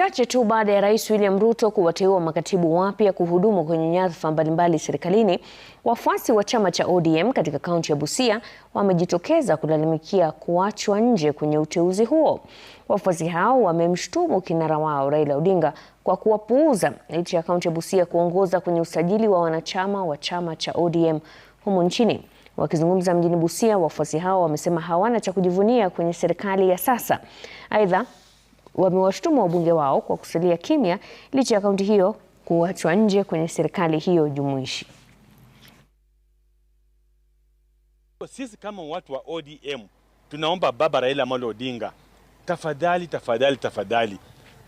Chache tu baada ya Rais William Ruto kuwateua makatibu wapya kuhudumu kwenye nyadhifa mbalimbali serikalini, wafuasi wa chama cha ODM katika kaunti ya Busia wamejitokeza kulalamikia kuachwa nje kwenye uteuzi huo. Wafuasi hao wamemshutumu kinara wao Raila Odinga kwa kuwapuuza licha ya kaunti ya Busia kuongoza kwenye usajili wa wanachama wa chama cha ODM humu nchini. Wakizungumza mjini Busia, wafuasi hao wamesema hawana cha kujivunia kwenye serikali ya sasa. Aidha, wamewashtuma wabunge wao kwa kusalia kimya licha ya kaunti hiyo kuachwa nje kwenye serikali hiyo jumuishi. Sisi kama watu wa ODM tunaomba baba Raila Amolo Odinga, tafadhali tafadhali tafadhali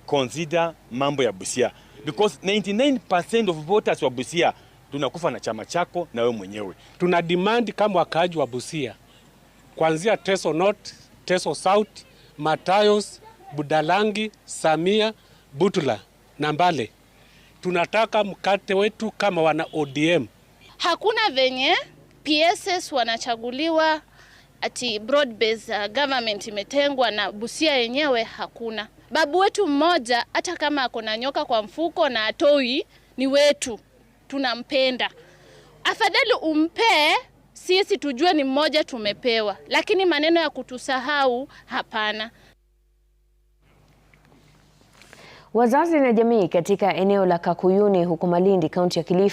consider mambo ya Busia because 99% of voters wa Busia tunakufa na chama chako na wewe mwenyewe. Tuna demand kama wakaaji wa Busia kuanzia Teso North, Teso South, Matayos Budalangi, Samia, Butula na Mbale. Tunataka mkate wetu kama wana ODM. Hakuna venye PSS wanachaguliwa ati broad based uh, government imetengwa na Busia yenyewe hakuna. Babu wetu mmoja hata kama ako na nyoka kwa mfuko na atoi, ni wetu, tunampenda. Afadhali umpee sisi tujue ni mmoja tumepewa, lakini maneno ya kutusahau hapana. Wazazi na jamii katika eneo la Kakuyuni huko Malindi, kaunti ya Kilifi